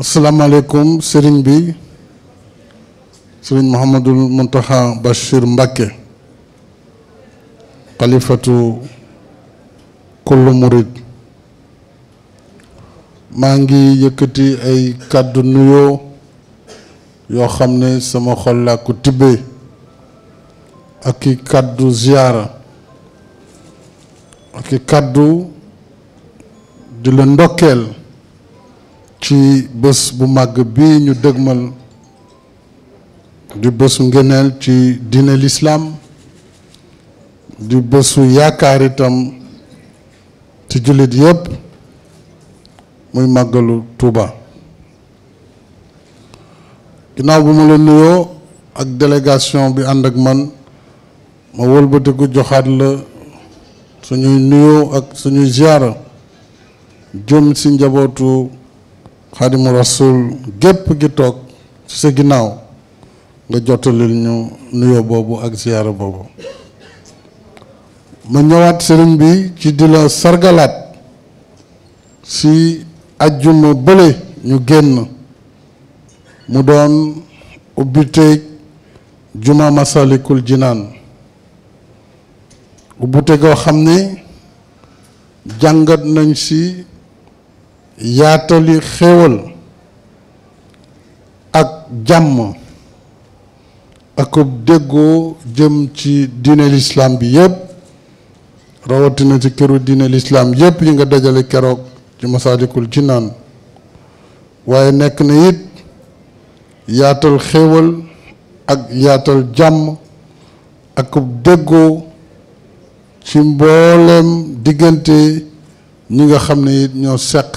asalaamaaleykum sëriñ bi sëriñ Mouhamadul Mountakha Bachir Mbacké xalifatu kullu murid maa ngi yëkkati ay kàddu nuyoo yoo xam ne sama xol laa ko tibbee ak i kàddu ziyaara ak i kàddu di la ndokkeel ci bés bu mag bi ñu dëgmal di bésu ngeenel ci diine l'islam di bésu yaakaar itam ci julit yépp muy màggalu Tuuba ginnaaw bu ma la nuyoo ak délégation bi ànd ak man ma wëlbatiku joxaat la suñuy nuyoo ak suñuy ziara jëm ci njabootu xadimu rasul gep gi tok ci sa ginaaw nga jottalil ñu nuyo bobu ak ziyara bobu ma ñewat bi ci dila sargalat si ajjuma bële ñu genn mu doon ubite juma masalikul jinan ubute go xamne jangat nañ si yaatali xéwal ak jàmm akub déggoo jëm ci diine lislaam bi yépp rawatina ci këru diine lislaam yépp yi nga dajale keroog ci ci naan waaye nekk na it yaatal xéwal ak yaatal jàmm akub déggoo ci mbooleem diggante ñi nga xam ne it ñoo seq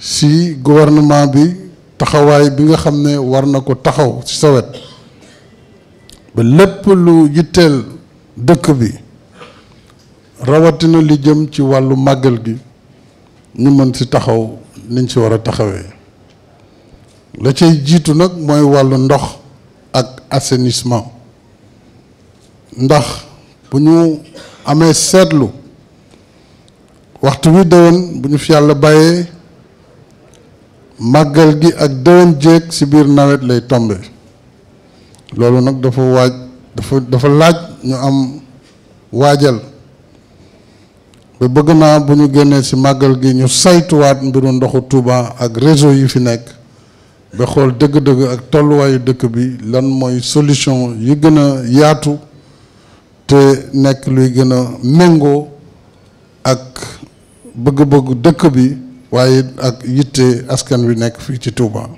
si gouvernement bi taxawaay bi nga xam ne war na ko taxaw ci sa wet ba lépp lu yitteel dëkk bi rawatina li jëm ci wàllu màggal gi ñu mën ci taxaw niñ ci war a taxawee la cay jiitu nag mooy wàllu ndox ak assainissement ndax bu ñu amee seetlu waxtu wi déwén bu ñu fi yàlla bàyyee màggal gi ak déwén jéeg ci biir nawet lay tombe loolu nag dafa waaj dafa dafa laaj ñu am waajal ba bëgg naa bu ñu génnee ci màggal gi ñu saytuwaat mbiru ndoxu Touba ak réseau yi fi nekk ba xool dëgg-dëgg ak tolluwaayu dëkk bi lan mooy solution yi gën a yaatu te nekk luy gën a méngoo ak bëgg-bëggu dëkk bi waaye ak yitte askan wi nekk fii ci Touba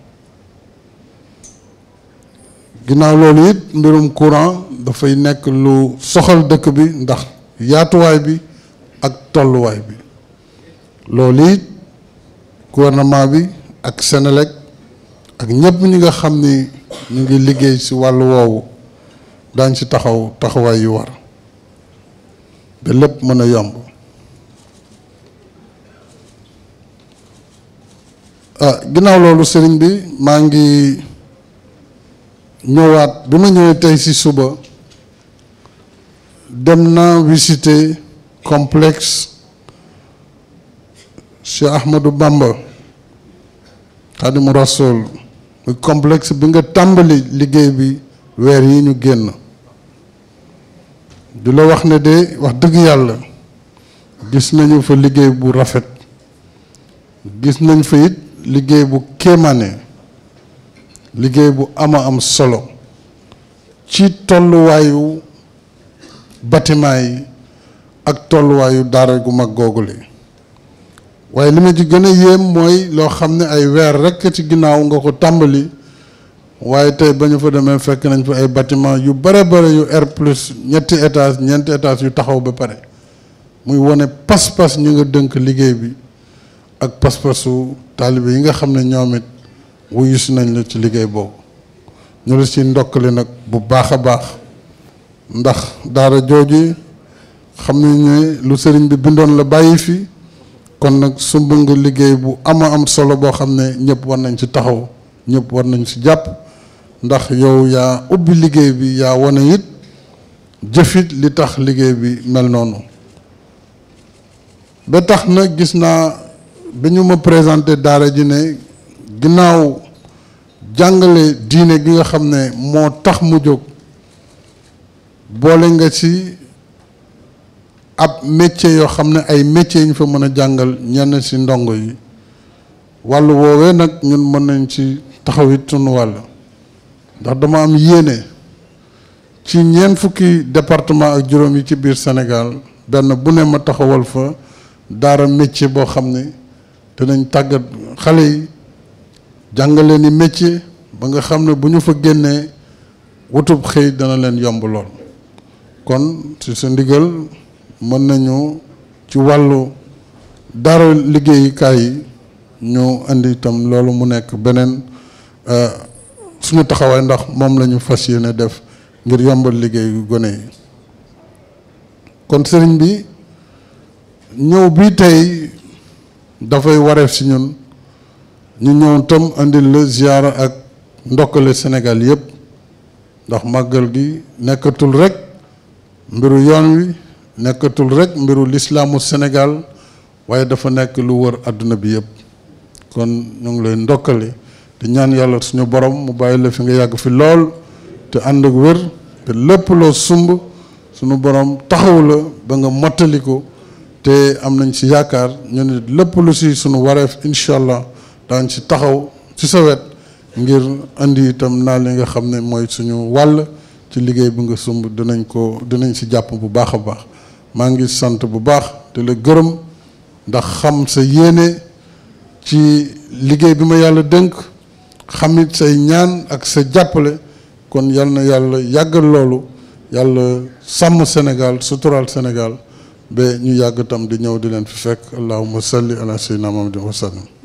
ginnaaw loolu it mbirum courant dafay nekk lu soxal dëkk bi ndax yaatuwaay bi ak tolluwaay bi loolu it gouvernement bi ak Senelec ak ñépp ñi nga xam ni ñu ngi liggéey ci wàll woowu daañ ci taxaw taxawaay yu war ba lépp mën a yomb ah ginnaaw loolu sëriñ bi ma ngi ñëwaat bi ma si suba dem na visiter complexe ci Ahmadou Bamba Xadimu Rasul complexe bi nga tambali liggéey bi weer yi ñu génn di la wax ne de wax dëgg yàlla gis nañu fa liggéey bu rafet gis nañ fa it liggéey bu kéemaane liggéey bu ama am solo ci tolluwaayu bâtiment yi ak tolluwaayu daara gu mag googule waaye li ma ji gën a yéem mooy loo xam ne ay weer rekk ci ginnaaw nga ko tàmbali waaye tey ba ñu fa demee fekk nañ fa ay bâtiment yu bare bare yu R plus ñetti étage ñeenti étage yu taxaw ba pare muy wone pas-pas ñu ngi dënk liggéey bi ak pas-pasu taalibe yi nga xam ne ñoom it wuyu nañ la ci liggéey boobu ñu ci si li nag bu baax a baax ndax daara jooju xam ne ne lu sëriñ bi bindoon la bàyyi fi kon nag su nga liggéey bu ama am solo boo xam ne ñëpp war nañ ci taxaw ñëpp war nañ ci jàpp ndax yow yaa ubbi liggéey bi yaa wane it jëfit li tax liggéey bi mel noonu ba tax na gis naa bi ñu ma présenté daara ji ne ginnaaw jàngale diine gi nga xam ne moo tax mu jóg boole nga ci ab métier yoo xam ne ay métier ñu fa mën a jàngal ñenn ci ndongo yi wàllu woowee nag ñun mën nañ ci taxawit sunu wàll ndax dama am yéene ci ñeent fukki département ak juróom yi ci biir Sénégal benn bu ne ma taxawal fa daara métier boo xam ne dinañ tagat xalé yi jàngale ni métier ba nga xam buñu fa génné wutub xey dana len yomb lool kon ci sa ndigal mën nañu ci walu dara liggéey kay ñu andi tam loolu mu nekk euh suñu taxaway ndax mom lañu fasiyene def ngir yombal gu gone kon sëriñ bi ñew bi tay dafay wareef si ñun ñu ñoo tam andil la ziyaara ak ndokkale Sénégal yëpp ndax màggal gi nekkatul rekk mbiru yoon wi nekkatul rek mbiru lislaamu Sénégal waaye dafa nekk lu wër àdduna bi yëpp kon ñu ngi lay ndokkale di ñaan yàlla suñu borom mu bàyyi la fi nga yàgg fi lool te ànd ak wér te lépp loo sumb suñu borom taxaw la ba nga mottali ko te am nañ si yaakaar ñu ne lépp lu si sunu wareef incha allah daañ ci taxaw ci sa wet ngir indi itam naa li nga xam ne mooy suñu wàll ci liggéey bi nga sumb dinañ ko dinañ si jàpp bu baax a baax maa ngi sant bu baax te la gërëm ndax xam sa yéene ci liggéey bi ma yàlla dénk xamit say ñaan ak sa jàppale kon yal na yàlla yàggal loolu yàlla sàmm Sénégal suturaal Sénégal ba ñu yàgg tam di ñëw di leen fi fekk allahumma salli ala sayyidina di wa sallam